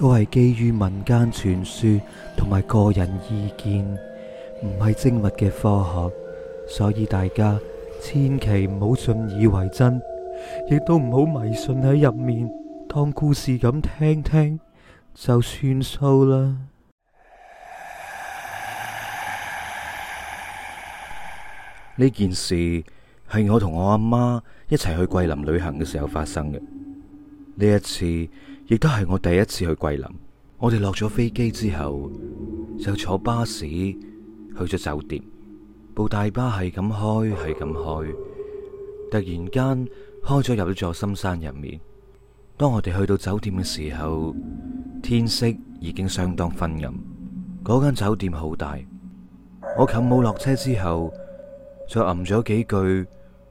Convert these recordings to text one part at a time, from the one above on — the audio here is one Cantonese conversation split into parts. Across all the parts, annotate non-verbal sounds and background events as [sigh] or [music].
都係基於民間傳說同埋個人意見，唔係精密嘅科學，所以大家千祈唔好信以為真，亦都唔好迷信喺入面當故事咁聽聽，就算數啦。呢件事係我同我阿媽一齊去桂林旅行嘅時候發生嘅，呢一次。亦都係我第一次去桂林。我哋落咗飛機之後，就坐巴士去咗酒店。部大巴係咁開，係咁開，突然間開咗入咗座深山入面。當我哋去到酒店嘅時候，天色已經相當昏暗。嗰間酒店好大。我冚帽落車之後，就吟咗幾句，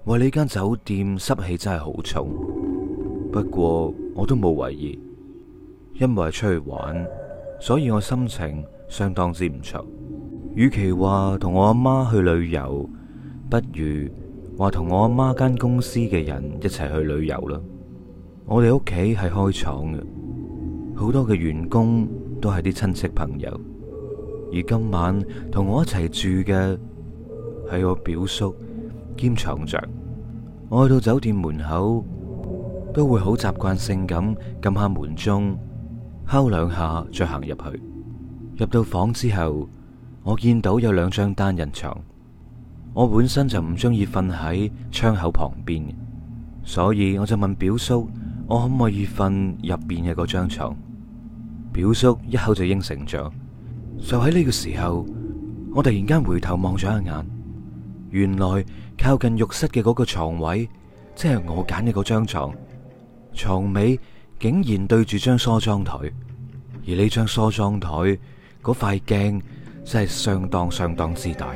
話呢間酒店濕氣真係好重。不過我都冇懷疑。因為出去玩，所以我心情相當之唔錯。與其話同我阿媽去旅遊，不如話同我阿媽間公司嘅人一齊去旅遊啦。我哋屋企係開廠嘅，好多嘅員工都係啲親戚朋友。而今晚同我一齊住嘅係我表叔兼廠長。我去到酒店門口，都會好習慣性咁撳下門鐘。敲兩下，再行入去，入到房之後，我見到有兩張單人床，我本身就唔中意瞓喺窗口旁邊，所以我就問表叔，我可唔可以瞓入邊嘅嗰張床？表叔一口就應承咗。就喺呢個時候，我突然間回頭望咗一眼，原來靠近浴室嘅嗰個床位，即係我揀嘅嗰張床，床尾。竟然對住張梳妝台，而呢張梳妝台嗰塊鏡真係相當相當之大。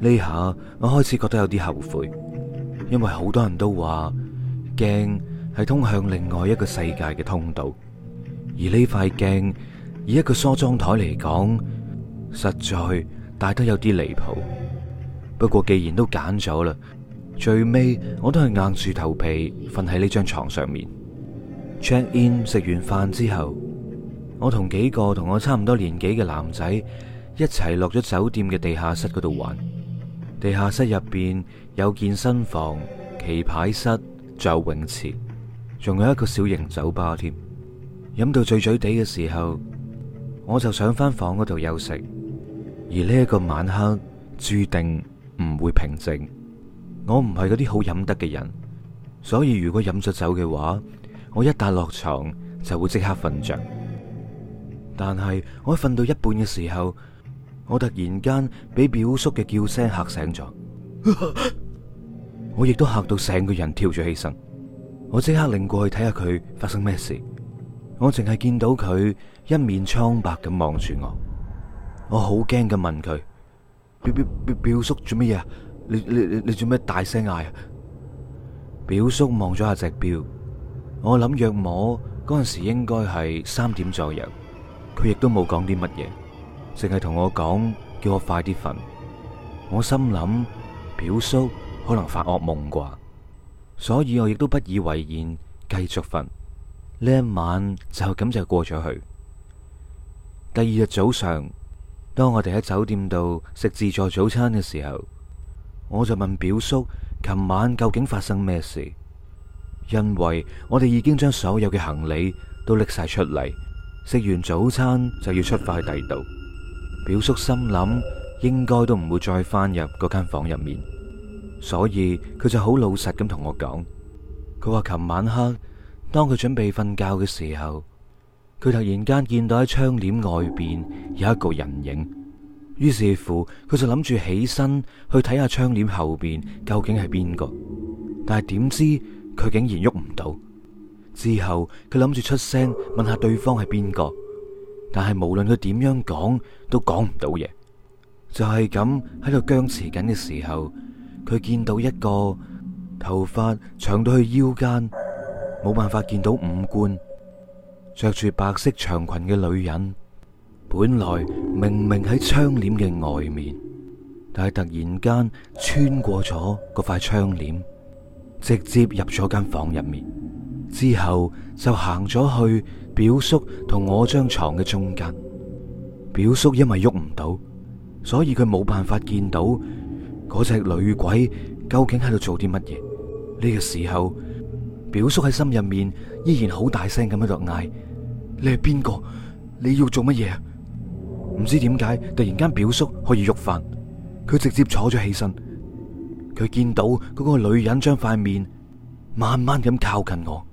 呢下我開始覺得有啲後悔，因為好多人都話鏡係通向另外一個世界嘅通道，而呢塊鏡以一個梳妝台嚟講，實在大得有啲離譜。不過既然都揀咗啦，最尾我都係硬住頭皮瞓喺呢張床上面。Check in 食完飯之後，我同幾個同我差唔多年紀嘅男仔一齊落咗酒店嘅地下室嗰度玩。地下室入邊有健身房、棋牌室，仲有泳池，仲有一個小型酒吧添。飲到醉醉哋嘅時候，我就上返房嗰度休息。而呢一個晚黑注定唔會平靜。我唔係嗰啲好飲得嘅人，所以如果飲咗酒嘅話，我一搭落床就會即刻瞓着，但係我瞓到一半嘅時候，我突然間俾表叔嘅叫聲嚇醒咗， [laughs] 我亦都嚇到成個人跳咗起身。我即刻擰過去睇下佢發生咩事，我淨係見到佢一面蒼白咁望住我，我好驚咁問佢： [laughs] 表表表叔做乜嘢？你你你你做咩大聲嗌啊？表叔望咗下隻表。我諗約莫嗰陣時應該係三點左右，佢亦都冇講啲乜嘢，淨係同我講，叫我快啲瞓。我心諗表叔可能發惡夢啩，所以我亦都不以為然，繼續瞓。呢一晚就咁就過咗去。第二日早上，當我哋喺酒店度食自助早餐嘅時候，我就問表叔：「琴晚究竟發生咩事？因為我哋已經將所有嘅行李都拎晒出嚟，食完早餐就要出發去第二度。表叔心諗應該都唔會再翻入嗰間房入面，所以佢就好老實咁同我講。佢話琴晚黑當佢準備瞓覺嘅時候，佢突然間見到喺窗簾外邊有一個人影，於是乎佢就諗住起身去睇下窗簾後邊究竟係邊個，但係點知。佢竟然喐唔到，之後佢諗住出聲問下對方係邊個，但係無論佢點樣講都講唔到嘢，就係咁喺度僵持緊嘅時候，佢見到一個頭髮長到去腰間，冇辦法見到五官，着住白色長裙嘅女人，本來明明喺窗簾嘅外面，但係突然間穿過咗嗰塊窗簾。直接入咗間房入面，之後就行咗去表叔同我張床嘅中間。表叔因為喐唔到，所以佢冇辦法見到嗰隻女鬼究竟喺度做啲乜嘢。呢個時候，表叔喺心入面依然好大聲咁喺度嗌：你係邊個？你要做乜嘢？唔知點解突然間表叔可以喐翻，佢直接坐咗起身。佢見到嗰個女人將塊面慢慢咁靠近我，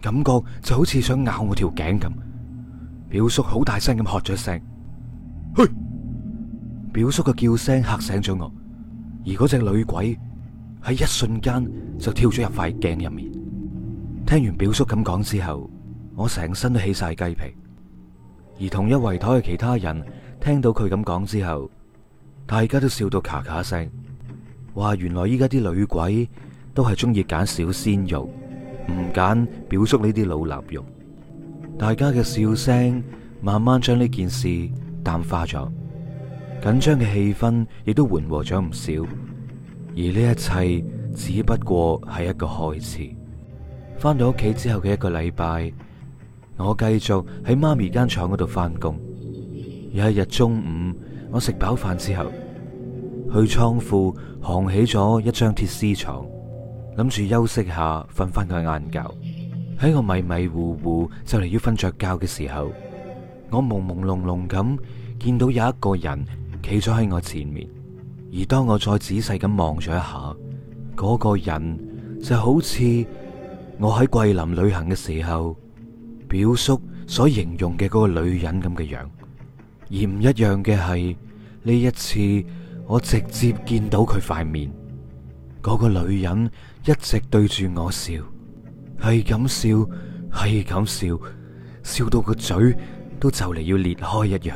感覺就好似想咬我條頸咁。表叔好大聲咁喝咗聲，去！表叔嘅叫聲嚇醒咗我，而嗰隻女鬼喺一瞬間就跳咗入塊鏡入面。聽完表叔咁講之後，我成身都起晒雞皮，而同一圍台嘅其他人聽到佢咁講之後，大家都笑到咔咔聲。話原來依家啲女鬼都係中意揀小鮮肉，唔揀表叔呢啲老臘肉。大家嘅笑聲慢慢將呢件事淡化咗，緊張嘅氣氛亦都緩和咗唔少。而呢一切只不過係一個開始。翻到屋企之後嘅一個禮拜，我繼續喺媽咪間廠嗰度翻工。有一日中午，我食飽飯之後，去倉庫扛起咗一張鐵絲床，諗住休息下，瞓翻個晏覺。喺我迷迷糊糊就嚟要瞓着覺嘅時候，我朦朦朧朧咁見到有一個人企咗喺我前面。而當我再仔細咁望咗一下，嗰個人就好似我喺桂林旅行嘅時候表叔所形容嘅嗰個女人咁嘅樣，而唔一樣嘅係呢一次。我直接見到佢塊面，嗰個女人一直對住我笑，係咁笑，係咁笑，笑到個嘴都就嚟要裂開一樣。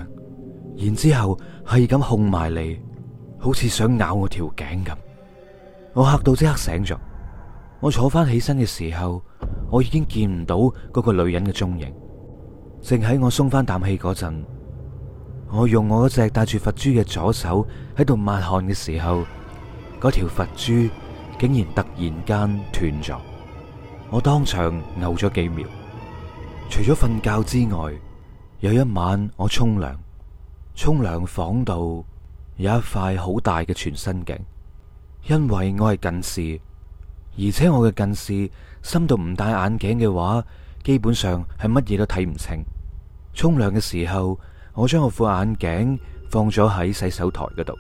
然之後係咁控埋嚟，好似想咬我條頸咁。我吓到即刻醒咗。我坐翻起身嘅時候，我已經見唔到嗰個女人嘅蹤影。正喺我鬆翻啖氣嗰陣。我用我嗰隻戴住佛珠嘅左手喺度抹汗嘅時候，嗰條佛珠竟然突然間斷咗，我當場嘔咗幾秒。除咗瞓覺之外，有一晚我沖涼，沖涼房度有一塊好大嘅全身鏡，因為我係近視，而且我嘅近視深度唔戴眼鏡嘅話，基本上係乜嘢都睇唔清。沖涼嘅時候。我將我副眼鏡放咗喺洗手台嗰度，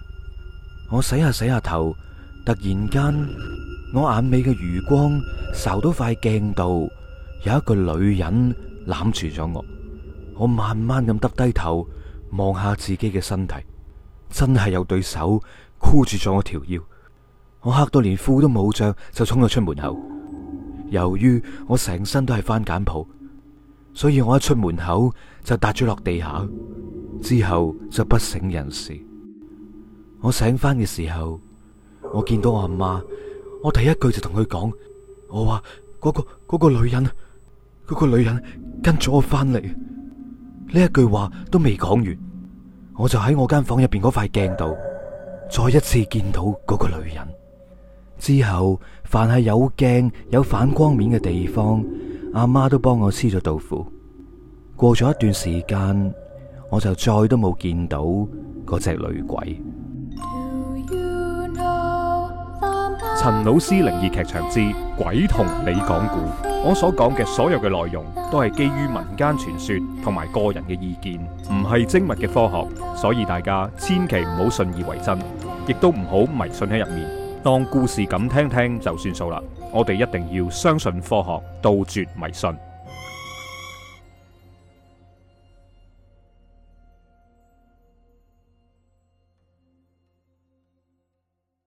我洗下洗下頭，突然間我眼尾嘅餘光睄到塊鏡度有一個女人攬住咗我，我慢慢咁耷低頭望下自己嘅身體，真係有對手箍住咗我條腰，我嚇到連褲都冇着就衝咗出門口，由於我成身都係番梘泡。所以我一出門口就踏咗落地下，之後就不省人事。我醒翻嘅時候，我見到我阿媽，我第一句就同佢講，我話嗰個嗰個女人，嗰個女人跟咗我翻嚟。呢一句話都未講完，我就喺我間房入邊嗰塊鏡度，再一次見到嗰個女人。之後凡係有鏡有反光面嘅地方。阿媽都幫我黐咗豆腐。過咗一段時間，我就再都冇見到嗰隻女鬼。陳老師靈異劇場之鬼同你講古，我所講嘅所有嘅內容都係基於民間傳說同埋個人嘅意見，唔係精密嘅科學，所以大家千祈唔好信以為真，亦都唔好迷信喺入面，當故事咁聽聽就算數啦。我哋一定要相信科學，杜絕迷信。